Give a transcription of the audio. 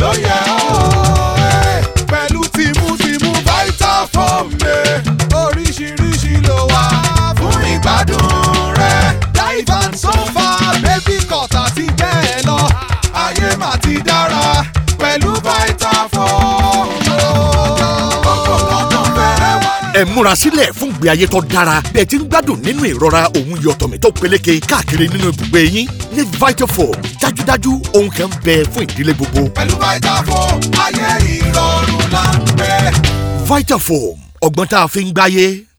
ló yẹ ọ́ ẹ eh, pẹ̀lú tìmùtìmù Vitafoam lè eh, oríṣiríṣi ló wà fún ìgbádùn rẹ divan sofa baby cut àti bẹ́ẹ̀ lọ ayé mà ti dára. ẹ múra sílẹ̀ fún gbé ayé tó dára bí ẹ ti ń gbádùn nínú ìrora òun yọ tọ̀mí tó peléke káàkiri nínú ibùgbé yín ní vitafoam dájúdájú ohun kan bẹ fún ìdílé gbogbo. pẹ̀lú vitafoam ayé ìrọ̀rùn là vitafoam ọgbọ́n tá a fi ń gbáyé.